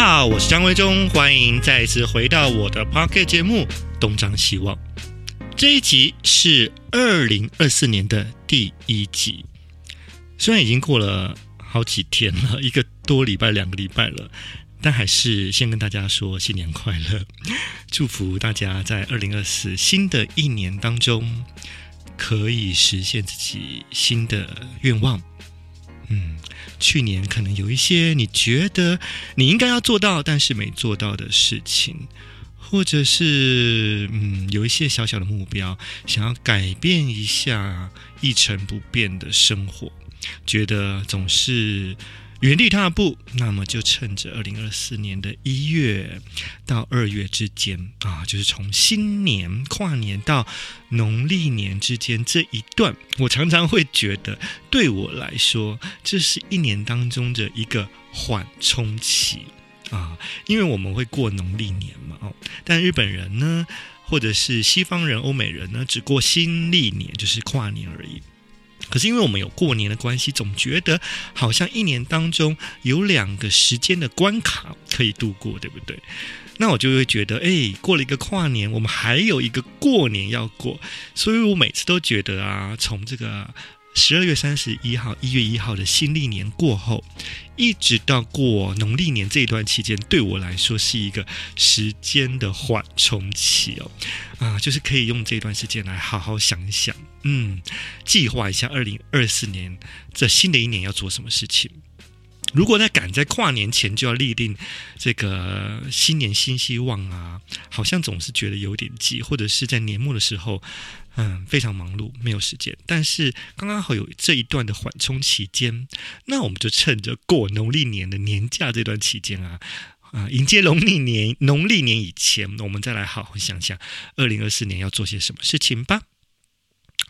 大家好，我是張維中，歡迎再次回到我的 Podcast 節目《東張西望》。這一集是二零二四年的第一集，雖然已經過了好幾天了，一個多禮拜、兩個禮拜了，但還是先跟大家說新年快樂，祝福大家在二零二四新的一年當中可以實現自己新的願望。嗯。去年可能有一些你覺得你應該要做到，但是沒做到的事情，或者是嗯，有一些小小的目標，想要改變一下一成不變的生活，覺得總是，原地踏步，那麼就趁着二零二四年的一月到二月之間啊，就是從新年跨年到農曆年之間這一段，我常常會覺得對我來說，這是一年當中的一個緩衝期啊，因為我們會過農曆年嘛哦，但日本人呢，或者是西方人、歐美人呢，只過新曆年，就是跨年而已。可是因為我們有過年的關係，總覺得好像一年當中有兩個時間的關卡可以度過，對不對？那我就會覺得，哎，過了一個跨年，我們還有一個過年要過，所以我每次都覺得啊，從這個十二月三十一號、一月一號的新曆年過後，一直到過農曆年這一段期間，對我來說是一個時間的緩衝期哦，啊，就是可以用這段時間來好好想一想。嗯，計劃一下二零二四年這新的一年要做什麼事情。如果在趕在跨年前就要立定這個新年新希望啊，好像總是覺得有點急，或者是在年末的時候，嗯，非常忙碌，沒有時間。但是剛剛好有這一段的緩衝期間，那我們就趁着過農曆年的年假這段期間啊，啊、呃，迎接農曆年農曆年以前，我們再來好好想想二零二四年要做些什麼事情吧。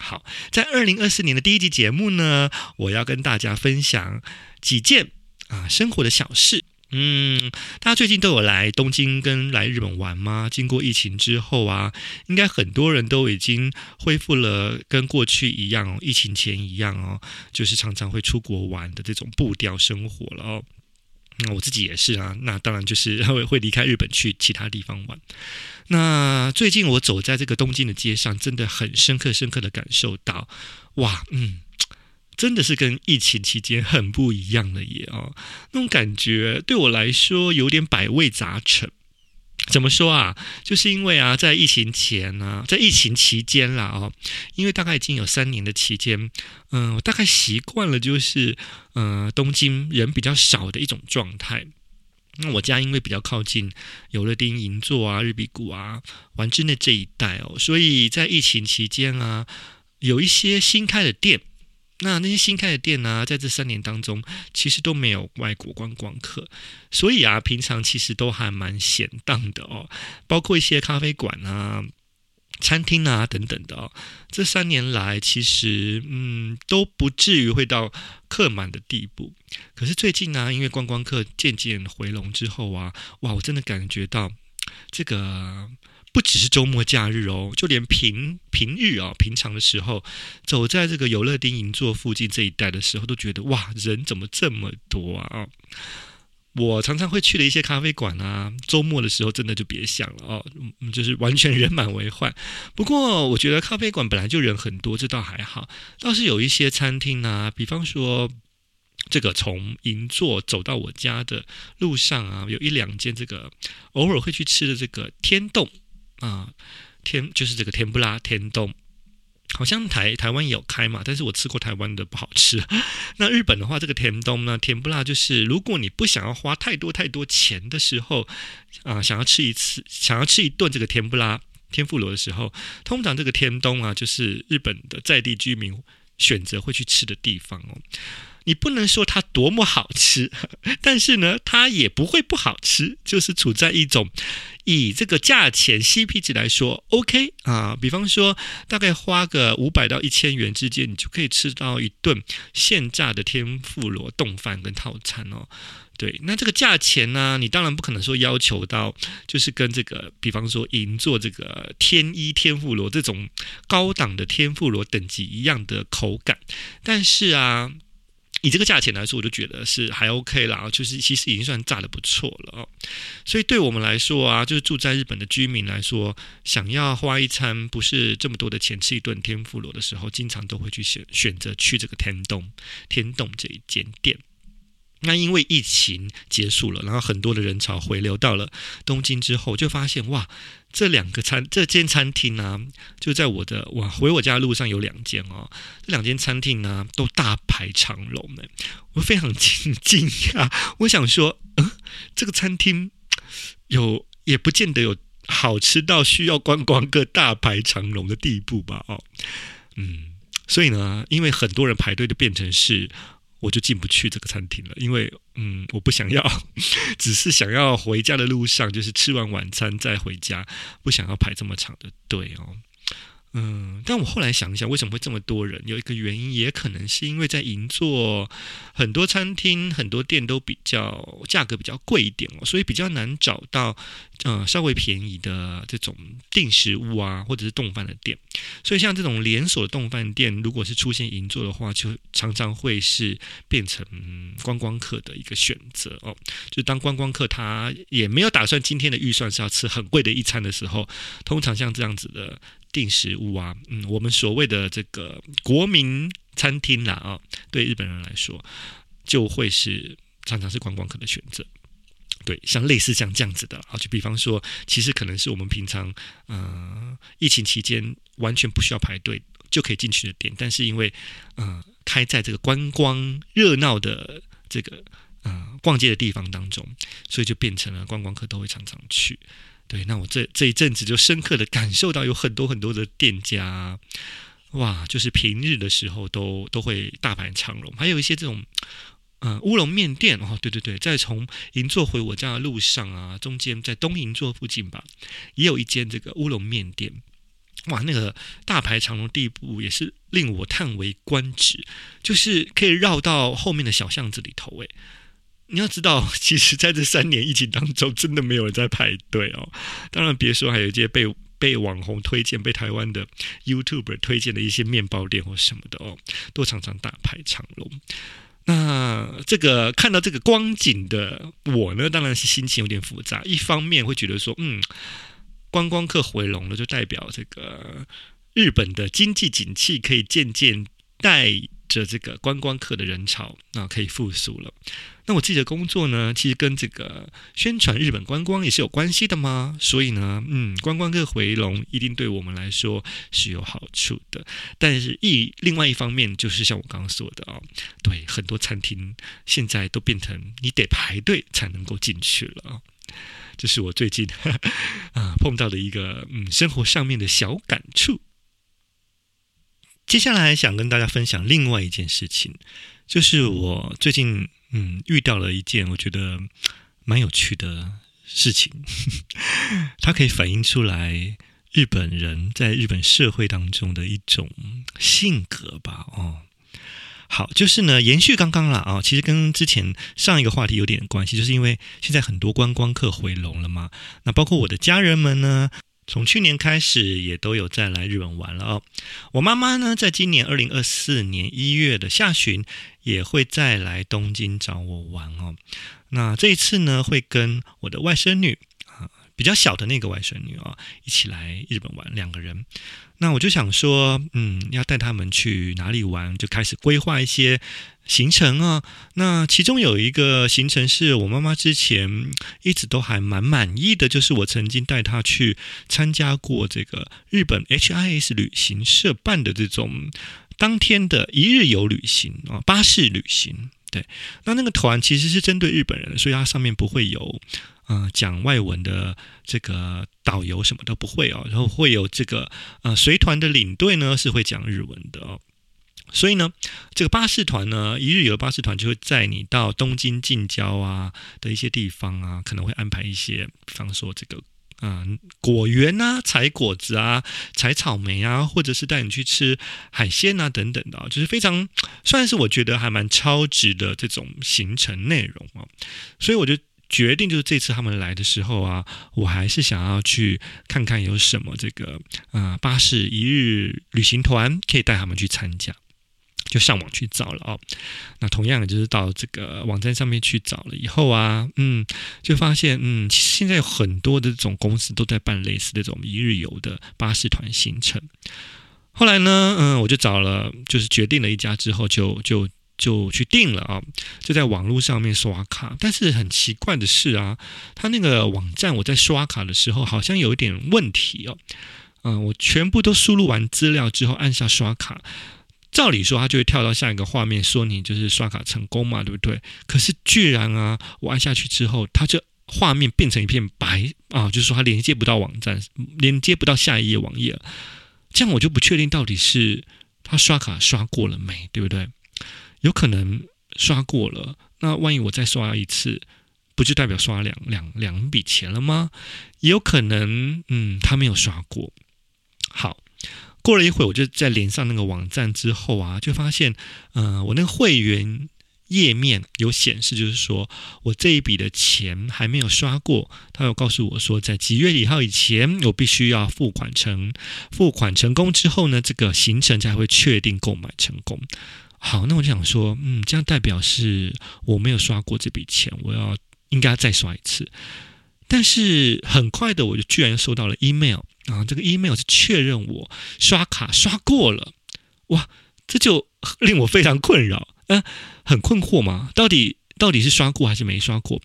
好，在二零二四年的第一集節目呢，我要跟大家分享幾件啊生活的小事。嗯，大家最近都有來東京跟來日本玩嗎？經過疫情之後啊，應該很多人都已經恢復了跟過去一樣哦，疫情前一樣哦，就是常常會出國玩的這種步調生活了哦。那我自己也是啊，那當然就是會會離開日本去其他地方玩。那最近我走在這個東京的街上，真的很深刻深刻的感受到，哇，嗯，真的是跟疫情期間很不一樣了耶哦，那種感覺對我來說有點百味雜陳。怎麼說啊？就是因為啊，在疫情前呢、啊，在疫情期間啦哦，因為大概已經有三年的期間，嗯、呃，我大概習慣了就是，呃，東京人比較少的一種狀態。那我家因為比較靠近有樂町銀座啊、日比谷啊、丸之內這一帶哦，所以在疫情期間啊，有一些新開的店。那那些新開的店啊，在這三年當中，其實都沒有外國觀光客，所以啊，平常其實都還蠻閒蕩的哦，包括一些咖啡館啊、餐廳啊等等的哦，這三年來其實嗯都不至於會到客滿的地步。可是最近呢、啊，因為觀光客漸漸回籠之後啊，哇，我真的感覺到這個。不只是周末假日哦，就連平平日啊、哦，平常的時候，走在這個有樂町銀座附近這一帶的時候，都覺得哇，人怎麼這麼多啊？啊，我常常會去的一些咖啡館啊，周末的時候真的就別想了哦、嗯，就是完全人滿為患。不過我覺得咖啡館本來就人很多，這倒還好。倒是有一些餐廳啊，比方說這個從銀座走到我家的路上啊，有一兩間這個偶爾會去吃的這個天丼。啊、嗯，天就是這個天不拉天東，好像台台灣也有開嘛，但是我吃過台灣的不好吃。那日本的話，這個天東呢，天不拉就是如果你不想要花太多太多錢的時候，啊、呃，想要吃一次，想要吃一頓這個天不拉天婦羅的時候，通常這個天東啊，就是日本的在地居民選擇會去吃的地方哦。你不能說它多麼好吃，但是呢，它也不會不好吃，就是處在一種以這個價錢 CP 值來說 OK 啊。比方說，大概花個五百到一千元之間，你就可以吃到一頓現炸的天婦羅丼飯跟套餐哦。對，那這個價錢呢、啊，你當然不可能說要求到就是跟這個，比方說銀座這個天一天婦羅這種高檔的天婦羅等級一樣的口感，但是啊。以這個價錢來說，我就覺得是還 OK 啦，就是其實已經算炸得不錯了哦。所以對我們來說啊，就是住在日本的居民來說，想要花一餐不是這麼多的錢吃一頓天婦羅的時候，經常都會去選選擇去這個天洞天洞這一間店。那因為疫情結束了，然後很多的人潮回流到了東京之後，就發現哇，這兩個餐這間餐廳啊，就在我的哇回我家的路上有兩間哦，這兩間餐廳啊都大排長龍的，我非常驚訝啊！我想說，嗯，這個餐廳有也不見得有好吃到需要觀光個大排長龍的地步吧？哦，嗯，所以呢，因為很多人排隊就變成是。我就進不去這個餐廳了，因為嗯，我不想要，只是想要回家的路上，就是吃完晚餐再回家，不想要排這麼長的隊哦。嗯，但我後來想一想，為什麼會這麼多人？有一個原因，也可能是因為在銀座，很多餐廳、很多店都比較價格比較貴一點哦，所以比較難找到。嗯，稍微便宜的這種定食物啊，或者是丼飯的店，所以像這種連鎖的丼飯店，如果是出現銀座的話，就常常會是變成觀光客的一個選擇哦。就是當觀光客，他也沒有打算今天的預算是要吃很貴的一餐的時候，通常像這樣子的定食物啊，嗯，我們所謂的這個國民餐廳啦啊、哦，對日本人來說，就會是常常是觀光客的選擇。對，像類似像這樣子的啊，就比方說，其實可能是我們平常，嗯、呃，疫情期間完全不需要排隊就可以進去的店，但是因為，嗯、呃，開在這個觀光熱鬧的這個嗯、呃，逛街的地方當中，所以就變成了觀光客都會常常去。對，那我這這一陣子就深刻的感受到，有很多很多的店家，哇，就是平日的時候都都會大排長龍，還有一些這種。嗯，烏龍麵店哦，對對對，在從銀座回我家的路上啊，中間在東銀座附近吧，也有一間這個烏龍麵店，哇，那個大排長龍地步也是令我嘆為觀止，就是可以繞到後面的小巷子裡頭、欸。哎，你要知道，其實在這三年疫情當中，真的沒有人在排隊哦。當然，別說還有一些被被網紅推薦、被台灣的 YouTuber 推薦的一些麵包店或什麼的哦，都常常大排長龍。啊，這個看到這個光景的我呢，當然是心情有點複雜。一方面會覺得說，嗯，觀光客回籠了，就代表這個日本的經濟景氣可以漸漸帶。這這個觀光客的人潮那、啊、可以復甦了。那我自己的工作呢，其實跟這個宣傳日本觀光也是有關係的嘛。所以呢，嗯，觀光客回籠一定對我們來說是有好處的。但是一，一另外一方面就是像我剛剛說的啊、哦，對，很多餐廳現在都變成你得排隊才能夠進去了。這是我最近啊碰到的一個嗯，生活上面的小感觸。接下來想跟大家分享另外一件事情，就是我最近嗯遇到了一件我覺得蠻有趣的事情呵呵，它可以反映出來日本人在日本社會當中的一種性格吧？哦，好，就是呢延續剛剛了啊，哦，其實跟之前上一個話題有點關係，就是因為現在很多觀光客回籠了嘛，那包括我的家人們呢。從去年開始，也都有再來日本玩了哦。我媽媽呢，在今年二零二四年一月的下旬，也會再來東京找我玩哦。那這一次呢，會跟我的外甥女，比較小的那個外孫女啊、哦，一起來日本玩，兩個人。那我就想說，嗯，要帶他們去哪裡玩，就開始規劃一些行程啊、哦。那其中有一個行程是我媽媽之前一直都還蠻滿意的，就是我曾經帶她去參加過這個日本 HIS 旅行社辦的這種當天的一日遊旅行啊，巴士旅行。對，那那個團其實是針對日本人的，所以它上面不會有，呃，講外文的這個導遊什麼都不會哦，然後會有這個呃隨團的領隊呢是會講日文的哦，所以呢，這個巴士團呢一日遊巴士團就會載你到東京近郊啊的一些地方啊，可能會安排一些，比方說這個。嗯，果園呐、啊，採果子啊，採草莓啊，或者是帶你去吃海鮮啊，等等的、啊，就是非常算是我覺得還蠻超值的這種行程內容啊，所以我就決定就是這次他們來的時候啊，我還是想要去看看有什麼這個啊、嗯、巴士一日旅行團可以帶他們去參加。就上網去找了啊、哦，那同樣就是到這個網站上面去找了以後啊，嗯，就發現嗯，其實現在有很多的這種公司都在辦類似這種一日遊的巴士團行程。後來呢，嗯，我就找了，就是決定了一家之後就，就就就去訂了啊，就在網絡上面刷卡。但是很奇怪的是啊，他那個網站我在刷卡的時候好像有一點問題哦，嗯，我全部都輸入完資料之後按下刷卡。照理說，他就會跳到下一個畫面，說你就是刷卡成功嘛，對不對？可是居然啊，我按下去之後，它就畫面變成一片白啊，就是說它連接不到網站，連接不到下一頁網頁了。這樣我就不確定到底是他刷卡刷過了沒，對不對？有可能刷過了，那萬一我再刷一次，不就代表刷兩兩兩筆錢了嗎？也有可能，嗯，他沒有刷過。好。過了一會，我就在連上那個網站之後啊，就發現，嗯、呃，我那個會員頁面有顯示，就是說我這一筆的錢還沒有刷過。他又告訴我說，在幾月幾號以前，我必須要付款成，付款成功之後呢，這個行程才會確定購買成功。好，那我就想說，嗯，這樣代表是我沒有刷過這筆錢，我要應該再刷一次。但是很快的，我就居然收到了 email。啊，這個 email 是確認我刷卡刷過了，哇，這就令我非常困擾，嗯、呃，很困惑嘛，到底到底是刷過還是沒刷過？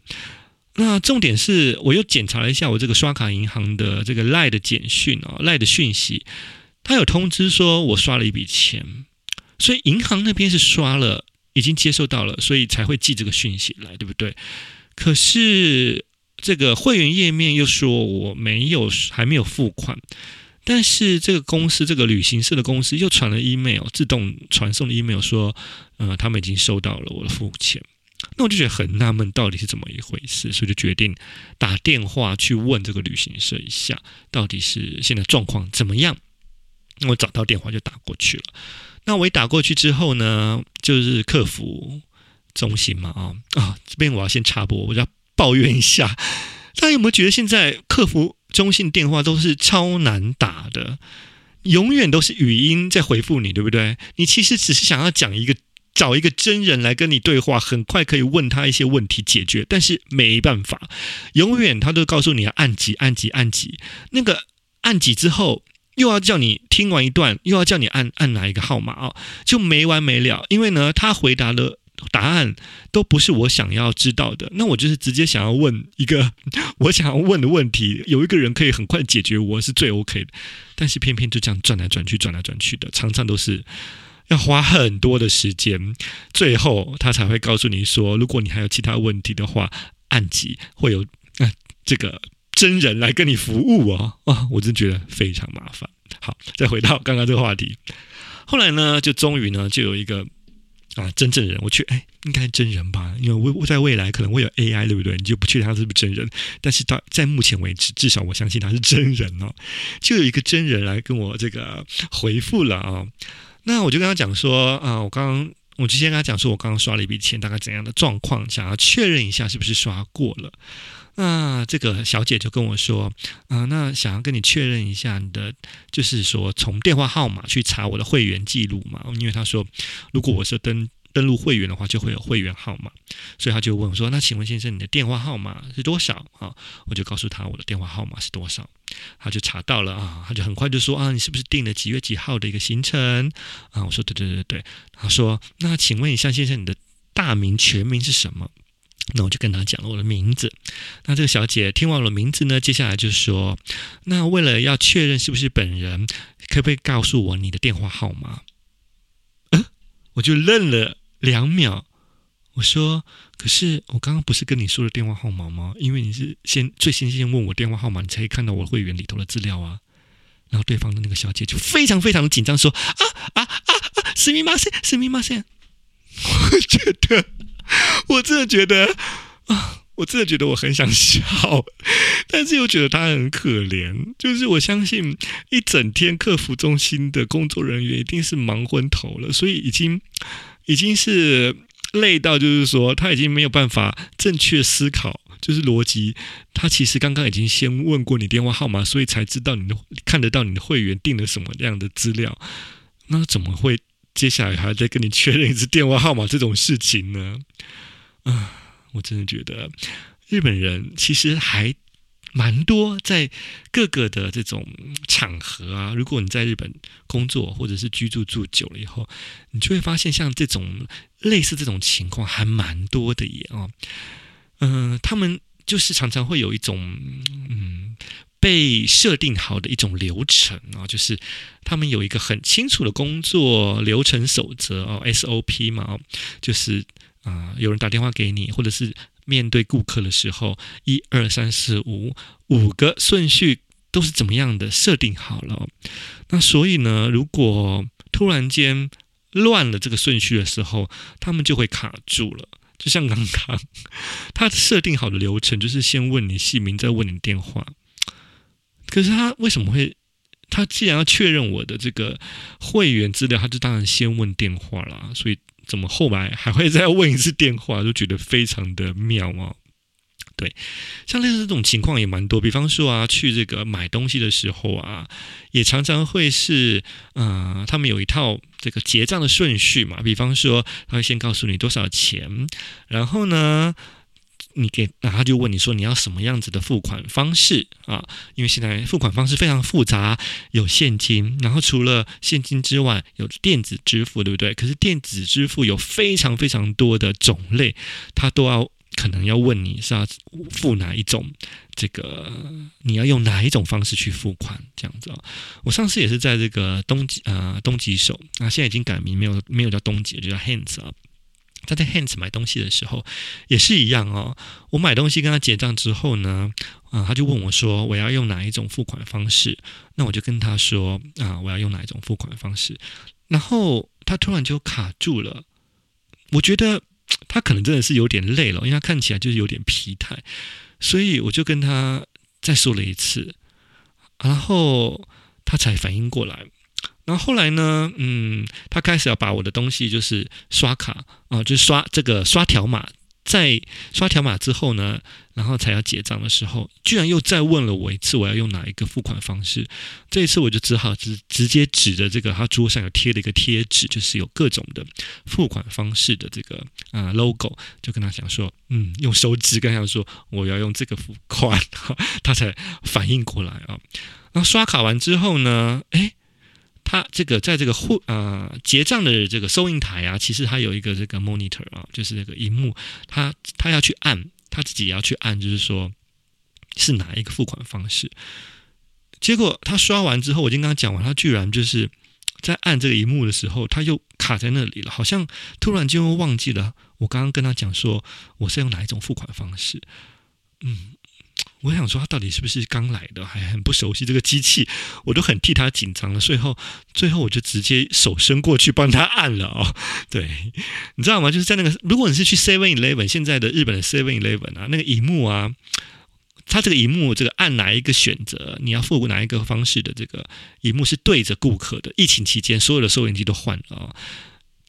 那重點是我又檢查了一下我這個刷卡銀行的這個 LINE 的簡訊啊、哦，LINE 的訊息，他有通知說我刷了一筆錢，所以銀行那邊是刷了，已經接受到了，所以才會寄這個訊息來，對不對？可是。這個會員頁面又說我沒有還沒有付款，但是這個公司這個旅行社的公司又傳了 email 自動傳送的 email 說，嗯、呃，他們已經收到了我的付錢，那我就覺得很納悶，到底是怎麼一回事？所以就決定打電話去問這個旅行社一下，到底是現在狀況怎麼樣？那我找到電話就打過去了。那我一打過去之後呢，就是客服中心嘛、哦，啊啊，這邊我要先插播，我就要。抱怨一下，大家有沒有覺得現在客服中心電話都是超難打的？永遠都是語音在回復你，對不對？你其實只是想要講一個，找一個真人來跟你對話，很快可以問他一些問題解決，但是沒辦法，永遠他都告訴你要按幾按幾按幾，那個按幾之後又要叫你聽完一段，又要叫你按按哪一個號碼哦，就沒完沒了。因為呢，他回答了。答案都不是我想要知道的，那我就是直接想要問一個我想要問的問題，有一個人可以很快解決我是最 OK 的，但是偏偏就這樣轉來轉去，轉來轉去的，常常都是要花很多的時間，最後他才會告訴你說，如果你還有其他問題的話，按幾會有、呃、這個真人來跟你服務哦，啊，我真覺得非常麻煩。好，再回到剛剛這個話題，後來呢，就終於呢，就有一個。啊，真正人，我去，哎、欸，應該真人吧？因為未在未來可能會有 AI，對不對？你就不確定他是不是真人。但是到在目前為止，至少我相信他是真人哦。就有一個真人來跟我這個回復了啊、哦。那我就跟他講說，啊，我剛剛我之前跟他講說我剛剛刷了一筆錢，大概怎樣的狀況，想要確認一下是不是刷過了。那這個小姐就跟我說，啊、呃，那想要跟你確認一下你的，就是說從電話號碼去查我的會員記錄嘛。因為她說，如果我是登登錄會員的話，就會有會員號碼，所以她就問我說，那請問先生你的電話號碼是多少啊？我就告訴她我的電話號碼是多少，她就查到了啊，她就很快就說啊，你是不是訂了幾月幾號的一個行程啊？我說對對對對，她說那請問一下先生你的大名全名是什麼？那我就跟他講了我的名字。那這個小姐聽完我的名字呢，接下來就是說，那為了要確認是不是本人，可不可以告訴我你的電話號碼？嗯、我就愣了兩秒，我說：“可是我剛剛不是跟你說的電話號碼嗎？因為你是先最先先問我電話號碼，你才可以看到我的會員裡頭的資料啊。”然後對方的那個小姐就非常非常的緊張說：“啊啊啊啊！すみません、すみません。 ”我覺得。我真的覺得啊，我真的覺得我很想笑，但是又覺得他很可憐。就是我相信一整天客服中心的工作人員一定是忙昏頭了，所以已經已經是累到，就是說他已經沒有辦法正確思考，就是邏輯。他其實剛剛已經先問過你電話號碼，所以才知道你的看得到你的會員訂了什麼樣的資料，那怎麼會？接下來還要再跟你確認一次電話號碼這種事情呢，啊、呃，我真的覺得日本人其實還蠻多，在各個的這種場合啊，如果你在日本工作或者是居住住久了以後，你就會發現像這種類似這種情況還蠻多的也哦，嗯、呃，他們就是常常會有一種嗯。被設定好的一種流程啊、哦，就是他們有一個很清楚的工作流程守則哦，SOP 嘛哦，就是啊、呃，有人打電話給你，或者是面對顧客的時候，一二三四五五個順序都是怎麼樣的設定好了、哦。那所以呢，如果突然間亂了這個順序的時候，他們就會卡住了。就像剛剛他設定好的流程，就是先問你姓名，再問你電話。可是他為什麼會？他既然要確認我的這個會員資料，他就當然先問電話啦。所以怎麼後來還會再問一次電話，就覺得非常的妙啊！對，像類似這種情況也蠻多，比方說啊，去這個買東西的時候啊，也常常會是，啊、呃，他們有一套這個結賬的順序嘛。比方說，他會先告訴你多少錢，然後呢？你給，然後，啊，就問你說你要什麼樣子的付款方式啊？因為現在付款方式非常複雜，有現金，然後除了現金之外，有電子支付，對不對？可是電子支付有非常非常多的種類，他都要可能要問你是要付哪一種，這個你要用哪一種方式去付款這樣子。啊。我上次也是在這個東急，呃，東急手啊，現在已經改名，沒有沒有叫東急，就叫 Hands Up。他在 Hands 買東西的時候也是一樣哦。我買東西跟他結賬之後呢，啊，他就問我說我要用哪一種付款方式。那我就跟他說啊，我要用哪一種付款方式。然後他突然就卡住了。我覺得他可能真的是有點累了，因為他看起來就是有點疲態。所以我就跟他再說了一次，啊，然後他才反應過來。然後後來呢，嗯，他開始要把我的東西就是刷卡啊，就是刷這個刷條碼，在刷條碼之後呢，然後才要結賬的時候，居然又再問了我一次我要用哪一個付款方式。這一次我就只好直直接指着這個他桌上有貼了一個貼紙，就是有各種的付款方式的這個啊 logo，就跟他講說，嗯，用手指跟他說我要用這個付款，然後他才反應過來啊。然後刷卡完之後呢，哎。他這個在這個付呃，結賬的這個收銀台啊，其實他有一個這個 monitor 啊，就是那個熒幕，他他要去按，他自己要去按，就是說，是哪一個付款方式。結果他刷完之後，我已經剛剛講完，他居然就是在按這個熒幕的時候，他又卡在那裡了，好像突然間又忘記了我剛剛跟他講說我是用哪一種付款方式。嗯。我想說，他到底是不是剛來的？還很不熟悉這個機器，我都很替他緊張了。最後，最後我就直接手伸過去幫他按了哦，對，你知道嗎？就是在那個，如果你是去 Seven Eleven，現在的日本的 Seven Eleven 啊，那個螢幕啊，他這個螢幕這個按哪一個選擇，你要付哪一個方式的這個螢幕是對着顧客的。疫情期間，所有的收銀機都換了哦。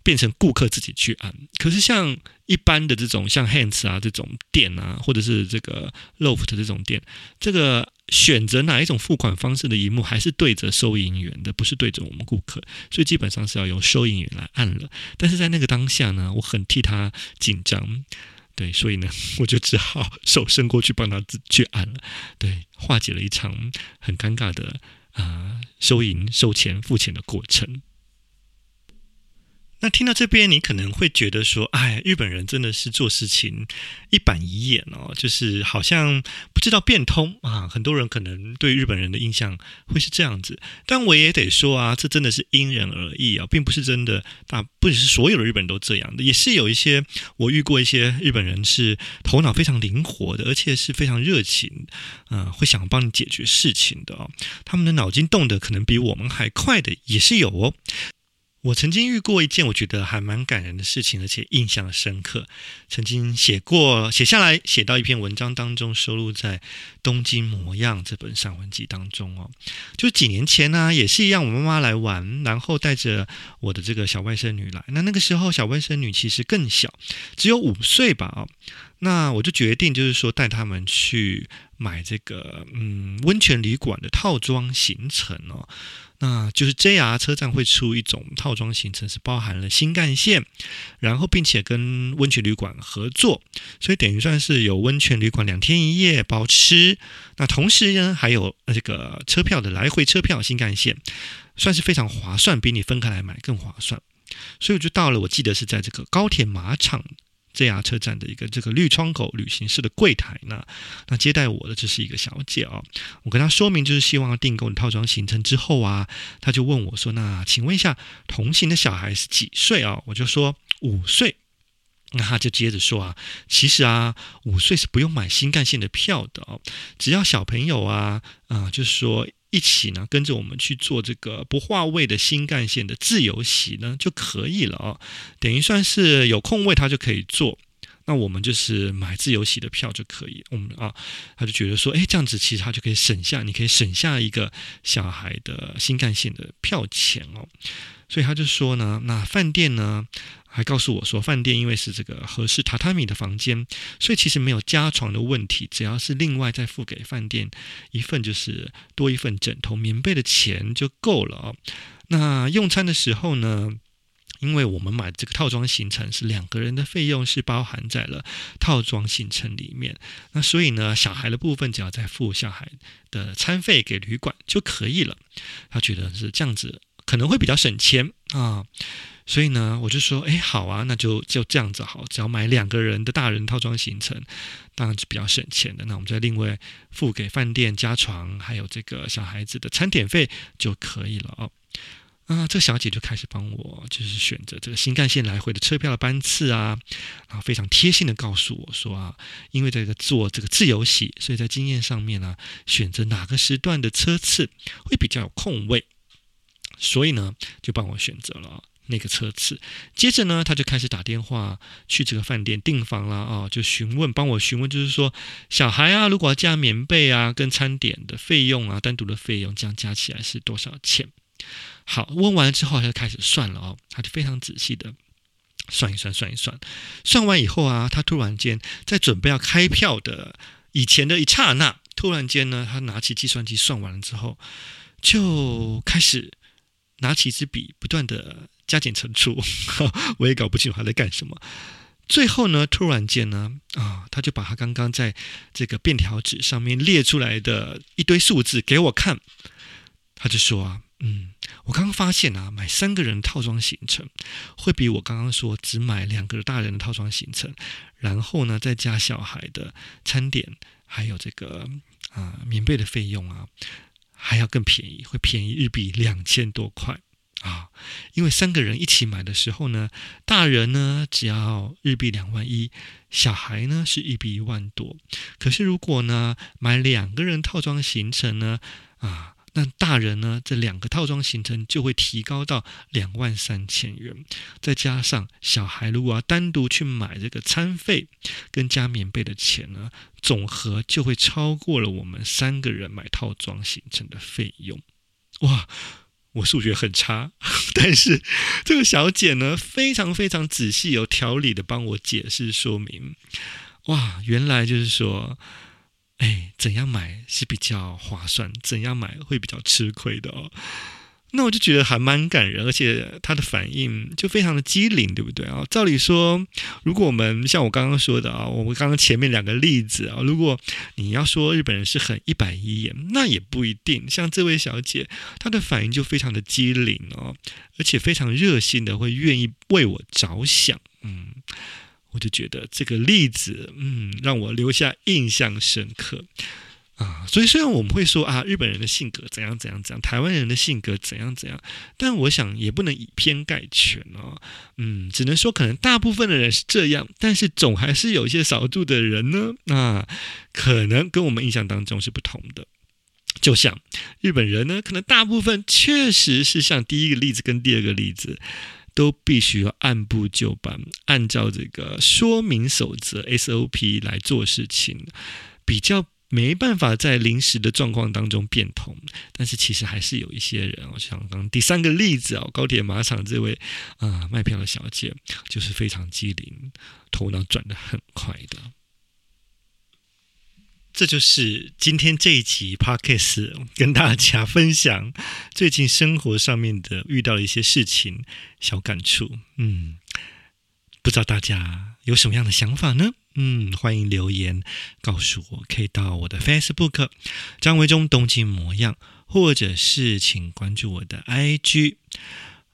變成顧客自己去按，可是像一般的這種像 Hands 啊這種店啊，或者是這個 Loft 這種店，這個選擇哪一種付款方式的螢幕還是對着收銀員的，不是對着我們顧客，所以基本上是要由收銀員來按了。但是在那個當下呢，我很替他緊張，對，所以呢，我就只好手伸過去幫他去按了，對，化解了一場很尷尬的啊、呃、收銀收錢付錢的過程。那聽到這邊，你可能會覺得說，哎，日本人真的是做事情一板一眼哦，就是好像不知道變通啊。很多人可能對日本人的印象會是這樣子，但我也得說啊，這真的是因人而異啊、哦，並不是真的。啊。不只是所有的日本人都這樣的，也是有一些我遇過一些日本人是頭腦非常靈活的，而且是非常熱情，啊、呃，會想幫你解決事情的哦。他們的腦筋動得可能比我們還快的也是有哦。我曾經遇過一件我覺得還蠻感人的事情，而且印象深刻。曾經寫過，寫下來，寫到一篇文章當中，收錄在《東京模樣》這本散文集當中哦。就幾年前呢，啊，也是一樣，我媽媽來玩，然後帶着我的這個小外甥女來。那那個時候，小外甥女其實更小，只有五歲吧哦，那我就決定，就是說帶他們去買這個嗯溫泉旅館的套裝行程哦。那就是 JR 車站會出一種套裝行程，是包含了新幹線，然後並且跟溫泉旅館合作，所以等於算是有溫泉旅館兩天一夜包吃，那同時呢還有這個車票的來回車票新干線，算是非常划算，比你分開來買更划算，所以我就到了，我記得是在這個高田馬場。這家車站的一個這個綠窗口旅行社的櫃檯呢，那接待我的這是一個小姐哦，我跟她說明就是希望訂購套裝行程之後啊，她就問我說：“那請問一下，同行的小孩是幾歲啊、哦？”我就說五歲，那她就接着說啊，其實啊，五歲是不用買新干線的票的哦，只要小朋友啊，啊、呃，就是說。一起呢，跟着我們去坐這個不劃位的新幹線的自由席呢，就可以了啊、哦，等於算是有空位，他就可以坐。那我們就是買自由席的票就可以。我們啊，他就覺得說，誒，這樣子其實他就可以省下，你可以省下一個小孩的新幹線的票錢哦。所以他就說呢，那飯店呢？還告訴我說，飯店因為是這個和式榻榻米的房間，所以其實沒有加床的問題，只要是另外再付給飯店一份，就是多一份枕頭、棉被的錢就夠了啊、哦。那用餐的時候呢，因為我們買這個套裝行程是兩個人的費用是包含在了套裝行程裡面，那所以呢，小孩的部分只要再付小孩的餐費給旅館就可以了。他覺得是這樣子，可能會比較省錢啊。所以呢，我就說，哎，好啊，那就就這樣子好，只要買兩個人的大人套裝行程，當然是比較省錢的。那我們再另外付給飯店加床，還有這個小孩子的餐點費就可以了哦。啊，這個、小姐就開始幫我就是選擇這個新幹線來回的車票的班次啊，啊，非常貼心的告訴我說啊，因為在這個做這個自由席，所以在經驗上面呢、啊，選擇哪個時段的車次會比較有空位，所以呢，就幫我選擇了。那個車次，接着呢，他就開始打電話去這個飯店訂房啦，啊、哦，就詢問，幫我詢問，就是說小孩啊，如果要加棉被啊，跟餐點的費用啊，單獨的費用，這樣加起來是多少錢？好，問完了之後，他就開始算了哦，他就非常仔細的算一算，算一算，算完以後啊，他突然間在準備要開票的以前的一剎那，突然間呢，他拿起計算機算完了之後，就開始拿起一支筆，不斷的，加減乘除， 我也搞不清楚他在幹什麼。最後呢，突然間呢，啊、哦，他就把他剛剛在這個便條紙上面列出來的一堆數字給我看，他就說啊，嗯，我剛剛發現啊，買三個人套裝行程會比我剛剛說只買兩個大人的套裝行程，然後呢再加小孩的餐點還有這個啊，棉、呃、被的費用啊，還要更便宜，會便宜日幣兩千多塊。啊，因為三個人一起買的時候呢，大人呢只要日幣兩萬一，小孩呢是一幣一萬多。可是如果呢買兩個人套裝行程呢，啊，那大人呢這兩個套裝行程就會提高到兩萬三千元，再加上小孩如果要單獨去買這個餐費跟加棉被的錢呢，總和就會超過了我們三個人買套裝行程的費用，哇！我數學很差，但是這個小姐呢，非常非常仔細、有條理的幫我解釋說明。哇，原來就是說，哎、欸，怎樣買是比較划算，怎樣買會比較吃虧的哦。那我就覺得還蠻感人，而且他的反應就非常的機靈，對不對啊？照理說，如果我們像我剛剛說的啊，我們剛剛前面兩個例子啊，如果你要說日本人是很一板一眼，那也不一定。像這位小姐，她的反應就非常的機靈哦，而且非常熱心的會願意為我着想。嗯，我就覺得這個例子，嗯，讓我留下印象深刻。啊，所以雖然我們會說啊，日本人的性格怎樣怎樣怎樣，台灣人的性格怎樣怎樣，但我想也不能以偏概全哦，嗯，只能說可能大部分的人是這樣，但是總還是有一些少數的人呢，那、啊、可能跟我們印象當中是不同的。就像日本人呢，可能大部分確實是像第一個例子跟第二個例子，都必須要按部就班，按照這個說明守則 SOP 來做事情，比較。沒辦法在臨時的狀況當中變通，但是其實還是有一些人，我想剛第三個例子哦，高鐵馬場這位啊賣票的小姐就是非常機靈，頭腦轉得很快的。這就是今天這一集 Podcast 跟大家分享最近生活上面的遇到的一些事情小感觸，嗯，不知道大家有什麼樣的想法呢？嗯，歡迎留言告訴我，可以到我的 Facebook 張維中東京模樣，或者是請關注我的 IG，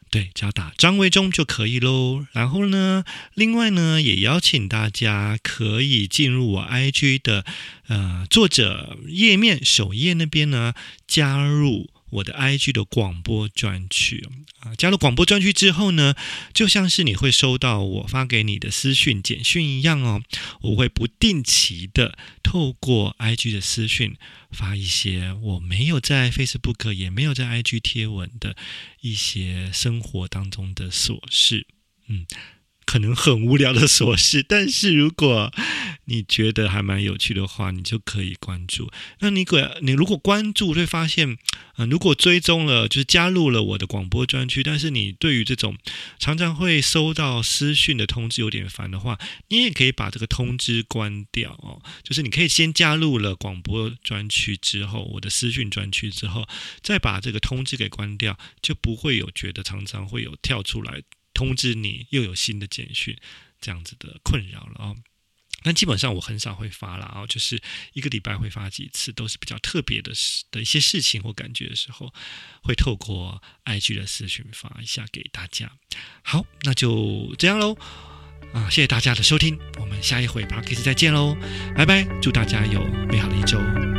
對，只要打張維中就可以嘍。然後呢，另外呢，也邀請大家可以進入我 IG 的呃作者頁面首頁那邊呢加入。我的 IG 的廣播專區啊，加入廣播專區之後呢，就像是你會收到我發給你的私訊簡訊一樣哦。我會不定期的透過 IG 的私訊發一些我沒有在 Facebook 也沒有在 IG 貼文的一些生活當中的瑣事，嗯。可能很無聊的瑣事，但是如果你覺得還蠻有趣的話，你就可以關注。那你關你如果關注，會發現，嗯、呃，如果追蹤了，就是加入了我的廣播專區，但是你對於這種常常會收到私訊的通知有點煩的話，你也可以把這個通知關掉哦。就是你可以先加入了廣播專區之後，我的私訊專區之後，再把這個通知給關掉，就不會有覺得常常會有跳出來。通知你又有新的簡訊，這樣子的困擾了哦。但基本上我很少會發了哦，就是一個禮拜會發幾次，都是比較特別的、的，一些事情或感覺的時候，會透過 IG 的私訊發一下給大家。好，那就這樣嘍啊！謝謝大家的收聽，我們下一回 Podcast 再見嘍，拜拜！祝大家有美好的一週。